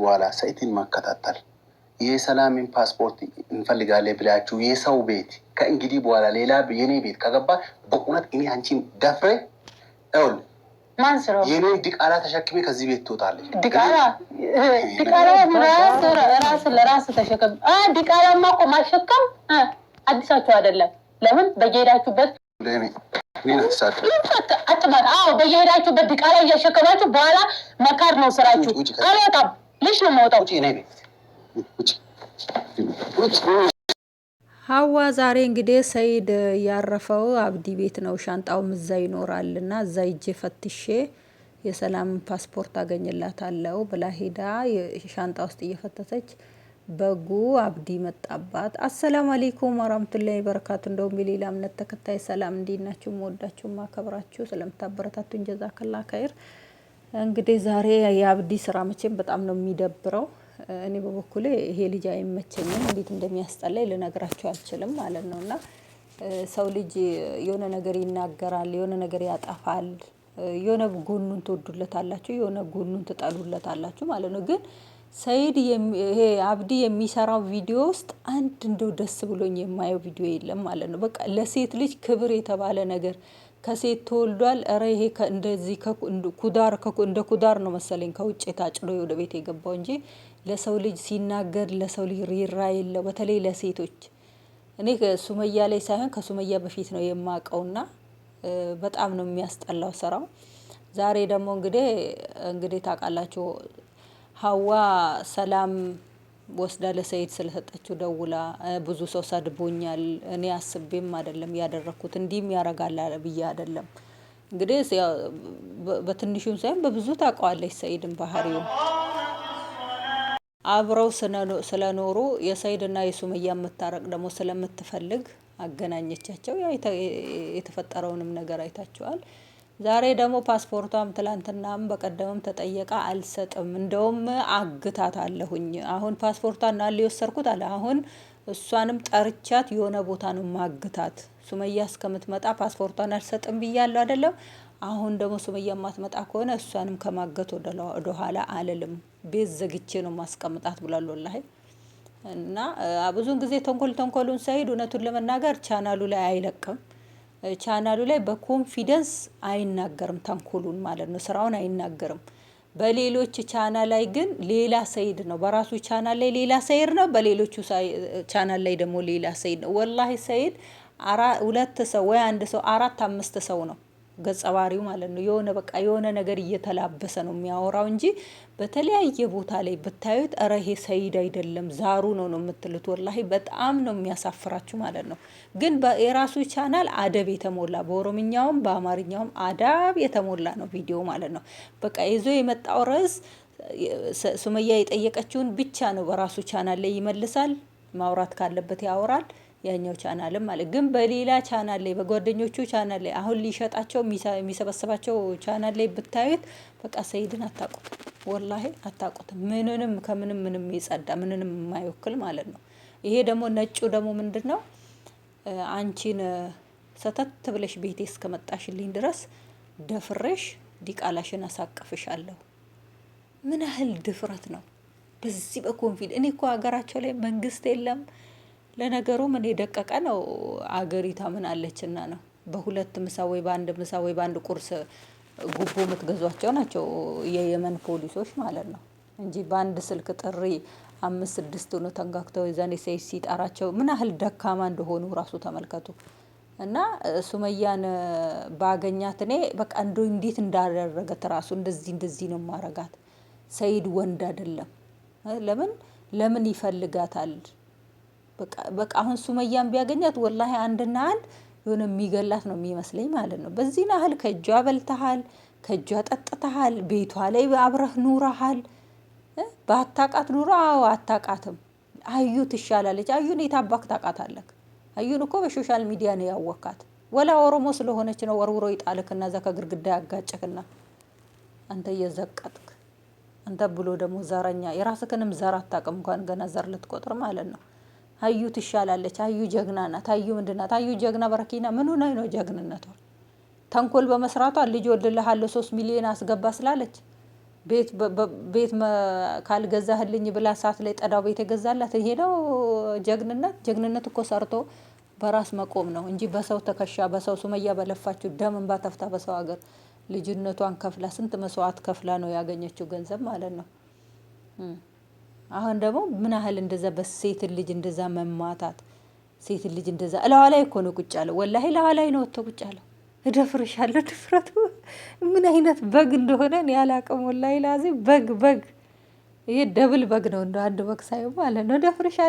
በኋላ ሰኢትን መከታተል የሰላምን ፓስፖርት እንፈልጋለን ብላችሁ የሰው ቤት ከእንግዲህ በኋላ ሌላ የኔ ቤት ከገባ በእውነት እኔ አንቺን ደፍሬ ይኸውልህ የኔ ድቃላ ተሸክሜ ከዚህ ቤት ትወጣለች። ድቃላ ራስ ለራስ ተሸከም። ድቃላማ እኮ ማሸከም አዲሳችሁ አይደለም። ለምን በየሄዳችሁበት አጥባት? አዎ በየሄዳችሁበት ድቃላ እያሸከማችሁ በኋላ መካድ ነው ስራችሁ። አልወጣም ልጅ ነው የማወጣው። ውጪ ነይ ሀዋ ዛሬ እንግዲህ ሰይድ ያረፈው አብዲ ቤት ነው። ሻንጣውም እዛ ይኖራል እና እዛ ይጄ ፈትሼ የሰላም ፓስፖርት አገኝላታለው ብላ ሄዳ ሻንጣ ውስጥ እየፈተተች በጉ አብዲ መጣባት። አሰላሙ አሌይኩም ወራህመቱላሂ በረካቱ። እንደውም የሌላ እምነት ተከታይ ሰላም እንዲናችሁ መወዳችሁ ማከብራችሁ ስለምታበረታቱን ጀዛከላ ካይር እንግዲህ ዛሬ የአብዲ ስራ መቼም በጣም ነው የሚደብረው። እኔ በበኩሌ ይሄ ልጅ አይመቸኝም፣ እንዴት እንደሚያስጠላኝ ልነግራቸው አልችልም ማለት ነው። እና ሰው ልጅ የሆነ ነገር ይናገራል፣ የሆነ ነገር ያጠፋል፣ የሆነ ጎኑን ትወዱለታላችሁ የሆነ ጎኑን ትጠሉለታላችሁ ማለት ነው። ግን ሰይድ ይሄ አብዲ የሚሰራው ቪዲዮ ውስጥ አንድ እንደው ደስ ብሎኝ የማየው ቪዲዮ የለም ማለት ነው። በቃ ለሴት ልጅ ክብር የተባለ ነገር ከሴት ተወልዷል። እረ ይሄ እንደዚህ ኩዳር እንደ ኩዳር ነው መሰለኝ ከውጭ ታጭዶ ወደ ቤት የገባው እንጂ ለሰው ልጅ ሲናገር ለሰው ልጅ ሪራ የለው። በተለይ ለሴቶች እኔ ሱመያ ላይ ሳይሆን ከሱመያ በፊት ነው የማውቀውና በጣም ነው የሚያስጠላው ስራው። ዛሬ ደግሞ እንግዲህ እንግዲህ ታውቃላችሁ ሀዋ ሰላም ወስዳ ለሰይድ ስለሰጠችው ደውላ ብዙ ሰው ሰድቦኛል እኔ አስቤም አይደለም እያደረግኩት እንዲህም ያደርጋል ብዬ አይደለም። እንግዲህ በትንሹም ሳይሆን በብዙ ታውቀዋለች ሰይድን ባህሪውን አብረው ስለኖሩ የሰይድና የሱመያ መታረቅ ደግሞ ስለምትፈልግ አገናኘቻቸው። ያው የተፈጠረውንም ነገር አይታችኋል። ዛሬ ደግሞ ፓስፖርቷም ትላንትናም በቀደምም ተጠየቃ አልሰጥም፣ እንደውም አግታት አለሁኝ አሁን ፓስፖርቷ ና ሊወሰርኩት አለ። አሁን እሷንም ጠርቻት የሆነ ቦታ ነው ማግታት፣ ሱመያ እስከምትመጣ ፓስፖርቷን አልሰጥም ብያለሁ አይደለም አሁን ደግሞ ሱመያ ማትመጣ ከሆነ እሷንም ከማገት ወደኋላ አልልም፣ ቤት ዘግቼ ነው ማስቀምጣት ብሏል። ወላሂ እና ብዙውን ጊዜ ተንኮል ተንኮሉን ሳይሄድ እውነቱን ለመናገር ቻናሉ ላይ አይለቅም። ቻናሉ ላይ በኮንፊደንስ አይናገርም፣ ተንኮሉን ማለት ነው፣ ስራውን አይናገርም። በሌሎች ቻናል ላይ ግን ሌላ ሰይድ ነው። በራሱ ቻናል ላይ ሌላ ሰይድ ነው፣ በሌሎቹ ቻናል ላይ ደግሞ ሌላ ሰይድ ነው። ወላሂ ሰይድ ሁለት ሰው ወይ አንድ ሰው አራት አምስት ሰው ነው ገጸ ባህሪው ማለት ነው። የሆነ በቃ የሆነ ነገር እየተላበሰ ነው የሚያወራው እንጂ በተለያየ ቦታ ላይ ብታዩት እረ ይሄ ሰይድ አይደለም ዛሩ ነው ነው የምትሉት። ወላሂ በጣም ነው የሚያሳፍራችሁ ማለት ነው። ግን የራሱ ቻናል አደብ የተሞላ በኦሮምኛውም በአማርኛውም አዳብ የተሞላ ነው ቪዲዮ ማለት ነው። በቃ ይዞ የመጣው ርዕስ ሱመያ የጠየቀችውን ብቻ ነው በራሱ ቻናል ላይ ይመልሳል። ማውራት ካለበት ያወራል። ያኛው ቻናልም ማለት ግን በሌላ ቻናል ላይ በጓደኞቹ ቻናል ላይ አሁን ሊሸጣቸው የሚሰበስባቸው ቻናል ላይ ብታዩት በቃ ሰይድን አታቁት፣ ወላሂ አታቁት። ምንንም ከምንም ምንም የጸዳ ምንንም የማይወክል ማለት ነው። ይሄ ደግሞ ነጩ ደግሞ ምንድን ነው አንቺን ሰተት ብለሽ ቤቴ እስከመጣሽልኝ ድረስ ደፍሬሽ ዲቃላሽን አሳቅፍሻለሁ። ምን ያህል ድፍረት ነው! በዚህ በኮንፊድ እኔ እኮ ሀገራቸው ላይ መንግስት የለም ለነገሩ ምን የደቀቀ ነው አገሪቷ ምን አለችና ነው። በሁለት ምሳ ወይ በአንድ ምሳ ወይ በአንድ ቁርስ ጉቦ የምትገዟቸው ናቸው የየመን ፖሊሶች ማለት ነው እንጂ በአንድ ስልክ ጥሪ አምስት ስድስት ሆኖ ተንጋግተው ዘኔ ሰይፍ ሲጠራቸው ምን ያህል ደካማ እንደሆኑ ራሱ ተመልከቱ። እና ሱመያን ባገኛት እኔ በቃ እንዶ እንዴት እንዳደረገት ራሱ እንደዚህ እንደዚህ ነው ማረጋት። ሰይድ ወንድ አይደለም። ለምን ለምን ይፈልጋታል? በቃ አሁን ሱመያን ቢያገኛት ወላሂ አንድና አንድ የሆነ የሚገላት ነው የሚመስለኝ ማለት ነው። በዚህ ናህል ከእጇ በልተሃል፣ ከእጇ ጠጥተሃል፣ ቤቷ ላይ አብረህ ኑረሃል። በአታቃት ኑሮ አዎ አታቃትም። አዩ ትሻላለች። አዩን የታባክ ታቃታለክ? አዩን እኮ በሶሻል ሚዲያ ነው ያወካት። ወላ ኦሮሞ ስለሆነች ነው ወርውሮ ይጣልክና እዛ ከግርግዳ ያጋጭክና አንተ እየዘቀጥክ አንተ ብሎ ደግሞ ዘረኛ የራስክንም ዘር አታቅም እንኳን ገና ዘር ልትቆጥር ማለት ነው። አዩ ትሻላለች፣ አዩ ጀግና ናት፣ አዩ ምንድን ናት፣ አዩ ጀግና በረኪና ምን ሆና ነው ጀግንነቷ? ተንኮል በመስራቷ ልጅ ወልድልሃለሁ ሶስት ሚሊዮን አስገባ ስላለች ቤት ካልገዛህልኝ ብላ ሰዓት ላይ ጠዳው ቤት የገዛላት ይሄ ነው ጀግንነት? ጀግንነት እኮ ሰርቶ በራስ መቆም ነው እንጂ በሰው ተከሻ በሰው ሱመያ በለፋችሁ ደም እንባ ተፍታ በሰው ሀገር ልጅነቷን ከፍላ ስንት መስዋዕት ከፍላ ነው ያገኘችው ገንዘብ ማለት ነው። አሁን ደግሞ ምን ያህል እንደዛ በሴት ልጅ እንደዛ መማታት ሴት ልጅ እንደዛ እላዋ ላይ እኮ ነው ቁጭ አለው። ወላሂ እላዋ ላይ ነው ወጥቶ ቁጭ አለው። እደፍርሻለሁ። ድፍረቱ ምን አይነት በግ እንደሆነ እኔ አላቅም። ወላሂ ላዚ በግ በግ ይሄ ደብል በግ ነው እንደ አንድ በግ ሳይሆን ማለት ነው። እደፍርሻለሁ